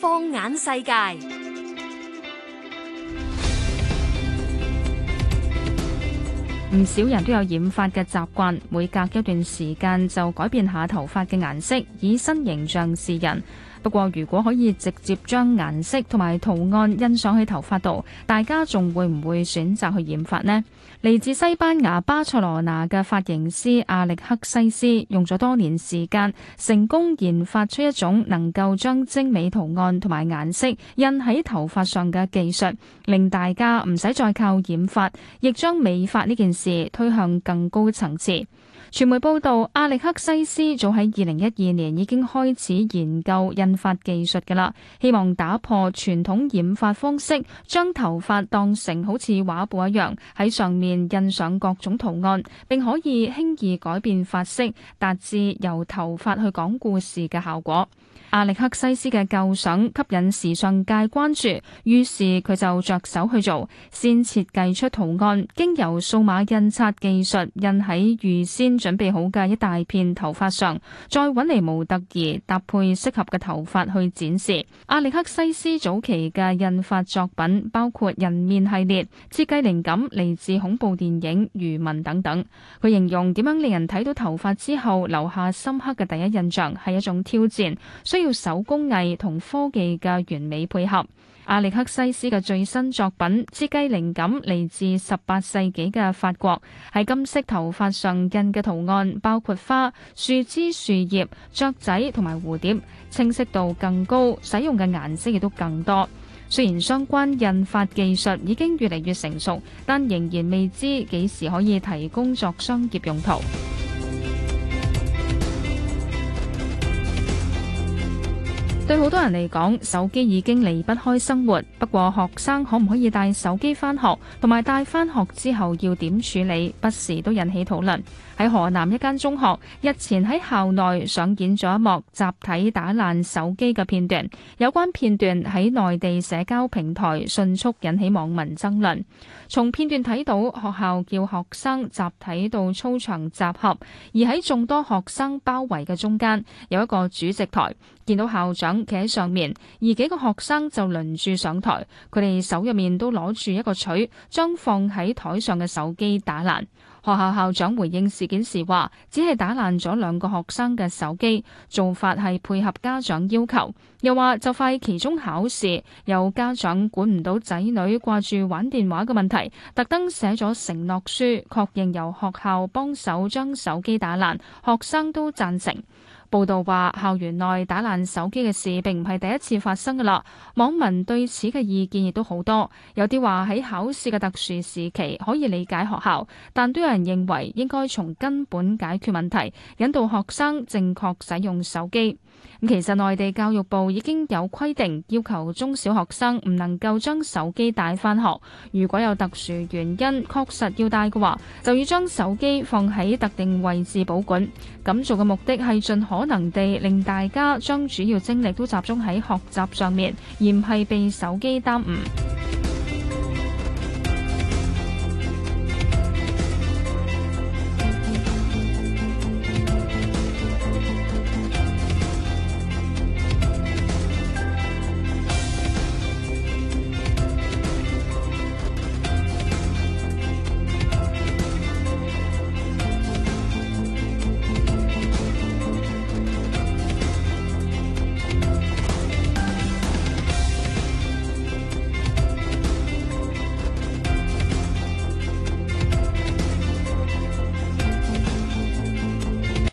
放眼世界，唔少人都有染髮嘅習慣，每隔一段時間就改變下頭髮嘅顏色，以新形象示人。不過，如果可以直接將顏色同埋圖案印上去頭髮度，大家仲會唔會選擇去染髮呢？嚟自西班牙巴塞羅那嘅髮型師阿力克西斯用咗多年時間，成功研發出一種能夠將精美圖案同埋顏色印喺頭髮上嘅技術，令大家唔使再靠染髮，亦將美髮呢件事推向更高層次。傳媒報道，阿力克西斯早喺二零一二年已經開始研究印髮技術嘅啦，希望打破傳統染髮方式，將頭髮當成好似畫布一樣喺上面印上各種圖案，並可以輕易改變髮色，達至由頭髮去講故事嘅效果。阿力克西斯嘅構想吸引時尚界關注，於是佢就着手去做，先設計出圖案，經由數碼印刷技術印喺預先準備好嘅一大片頭髮上，再揾嚟模特兒搭配適合嘅頭髮去展示。阿力克西斯早期嘅印髮作品包括人面系列，設計靈感嚟自恐怖電影、漁民等等。佢形容點樣令人睇到頭髮之後留下深刻嘅第一印象，係一種挑戰。需要手工藝同科技嘅完美配合。阿力克西斯嘅最新作品《芝雞》，靈感嚟自十八世紀嘅法國，喺金色頭髮上印嘅圖案包括花、樹枝樹、樹葉雀仔同埋蝴蝶，清晰度更高，使用嘅顏色亦都更多。雖然相關印髮技術已經越嚟越成熟，但仍然未知幾時可以提供作商業用途。對好多人嚟講，手機已經離不開生活。不過，學生可唔可以帶手機返學，同埋帶返學之後要點處理，不時都引起討論。喺河南一間中學，日前喺校內上演咗一幕集體打爛手機嘅片段。有關片段喺內地社交平台迅速引起網民爭論。從片段睇到，學校叫學生集體到操場集合，而喺眾多學生包圍嘅中間，有一個主席台，見到校長。企喺上面，而幾個學生就輪住上台，佢哋手入面都攞住一個錘，將放喺台上嘅手機打爛。學校校長回應事件時話，只係打爛咗兩個學生嘅手機，做法係配合家長要求。又話就快期中考試，有家長管唔到仔女掛住玩電話嘅問題，特登寫咗承諾書，確認由學校幫手將手機打爛，學生都贊成。報道話，校園內打爛手機嘅事並唔係第一次發生噶啦。網民對此嘅意見亦都好多，有啲話喺考試嘅特殊時期可以理解學校，但都有人認為應該從根本解決問題，引導學生正確使用手機。咁其實內地教育部已經有規定，要求中小學生唔能夠將手機帶翻學。如果有特殊原因確實要帶嘅話，就要將手機放喺特定位置保管。咁做嘅目的係盡可。可能地令大家將主要精力都集中喺學習上面，而唔係被手機耽誤。